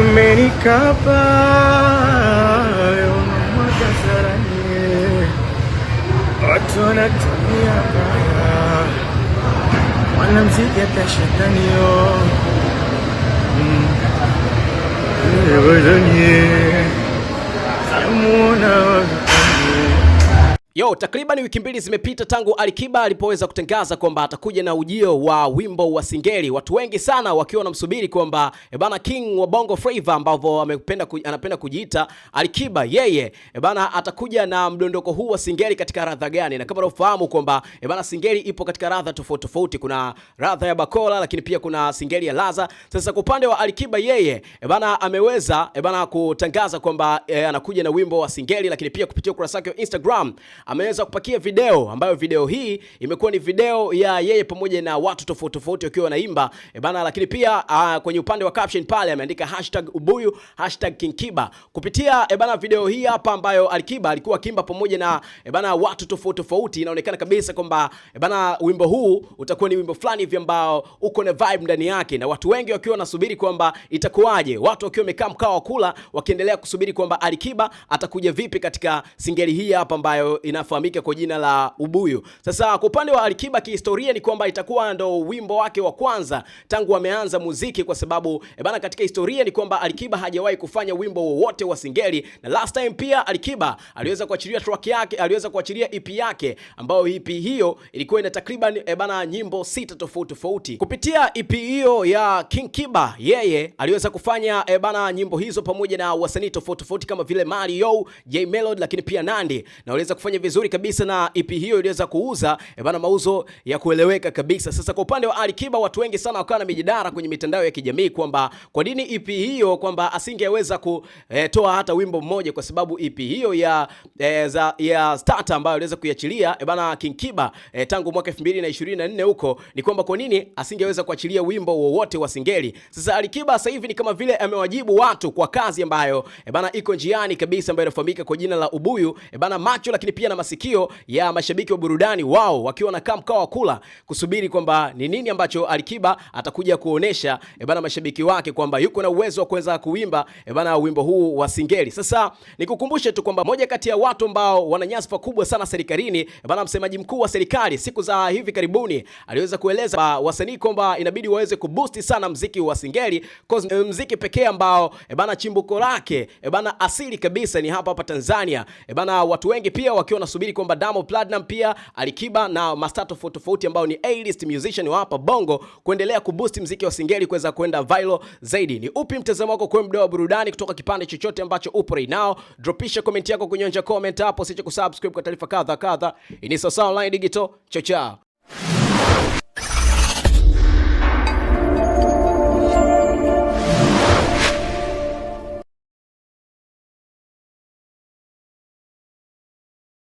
umenikapa unamwaga sarani, watu wanatumia baya, wanamziki hata shetani yo mm. Yo, takriban wiki mbili zimepita tangu Alikiba alipoweza kutangaza kwamba atakuja na ujio wa wimbo wa Singeli, watu wengi sana wakiwa wanamsubiri kwamba ebana eh King wa Bongo Flava ambavyo amependa ku, anapenda kujiita Alikiba, yeye ebana eh atakuja na mdondoko huu wa Singeli katika radha gani? Na kama unafahamu kwamba ebana eh Singeli ipo katika radha tofauti tofauti, kuna radha ya Bakola, lakini pia kuna Singeli ya Laza. Sasa kwa upande wa Alikiba, yeye ebana ameweza ebana kutangaza kwamba e, anakuja na wimbo wa Singeli, lakini pia kupitia ukurasa wake wa Instagram ameweza kupakia video ambayo video hii imekuwa ni video ya yeye pamoja na watu tofauti tofauti wakiwa wanaimba e bana, lakini pia a, ah, kwenye upande wa caption pale ameandika hashtag ubuyu hashtag Kinkiba kupitia e bana video hii hapa ambayo Alikiba alikuwa akimba pamoja na e bana watu tofauti tofauti. Inaonekana kabisa kwamba e bana wimbo huu utakuwa ni wimbo fulani hivi ambao uko na vibe ndani yake, na watu wengi wakiwa wanasubiri kwamba itakuwaje, watu wakiwa wamekaa mkao wa kula wakiendelea kusubiri kwamba Alikiba atakuja vipi katika singeli hii hapa ambayo ina anafahamika kwa jina la Ubuyu. Sasa kwa upande wa Alikiba kihistoria ni kwamba itakuwa ndo wimbo wake wa kwanza tangu ameanza muziki, kwa sababu e bana, katika historia ni kwamba Alikiba hajawahi kufanya wimbo wowote wa singeli, na last time pia Alikiba aliweza kuachilia track yake, aliweza kuachilia EP yake ambayo EP hiyo ilikuwa ina takriban e bana nyimbo sita tofauti tofauti. Kupitia EP hiyo ya King Kiba yeye aliweza kufanya e bana nyimbo hizo pamoja na wasanii tofauti tofauti kama vile Mario, J Melody, lakini pia Nandi na aliweza kufanya vizu vizuri kabisa na EP hiyo iliweza kuuza e bana, mauzo ya kueleweka kabisa. Sasa kwa upande wa Alikiba, watu wengi sana wakawa na mijadala kwenye mitandao ya kijamii kwamba kwa nini EP hiyo, kwamba asingeweza kutoa e, hata wimbo mmoja, kwa sababu EP hiyo ya e, za, ya Starter ambayo aliweza kuiachilia e bana King Kiba e, tangu mwaka 2024 huko, ni kwamba kwa nini asingeweza kuachilia wimbo wowote wa singeli. Sasa Alikiba sasa hivi ni kama vile amewajibu watu kwa kazi ambayo e bana iko njiani kabisa, ambayo inafahamika kwa jina la Ubuyu e bana Macho, lakini pia na masikio ya mashabiki wa burudani wao wakiwa na kamka wa kula kusubiri kwamba ni nini ambacho Alikiba atakuja kuonesha e bana mashabiki wake kwamba yuko na uwezo wa kuweza kuimba e bana wimbo huu wa Singeli. Sasa nikukumbushe tu kwamba moja kati ya watu ambao wana nyasfa kubwa sana serikalini e bana, msemaji mkuu wa serikali siku za hivi karibuni aliweza kueleza kwa wasanii kwamba inabidi waweze kuboost sana mziki wa Singeli cause mziki pekee ambao e bana chimbuko lake e bana asili kabisa ni hapa hapa Tanzania e bana, watu wengi pia wakiwa na tunasubiri kwamba Diamond Platinum pia Alikiba na mastaa tofauti tofauti ambao ni A-list musician wa hapa Bongo kuendelea kuboost mziki wa Singeli kuweza kwenda viral zaidi. Ni upi mtazamo wako kwa mdao wa burudani kutoka kipande chochote ambacho upo right now? Dropisha comment yako kunyonja comment hapo, usiache kusubscribe kwa taarifa kadha kadha. Ini sasa online digital chao chao.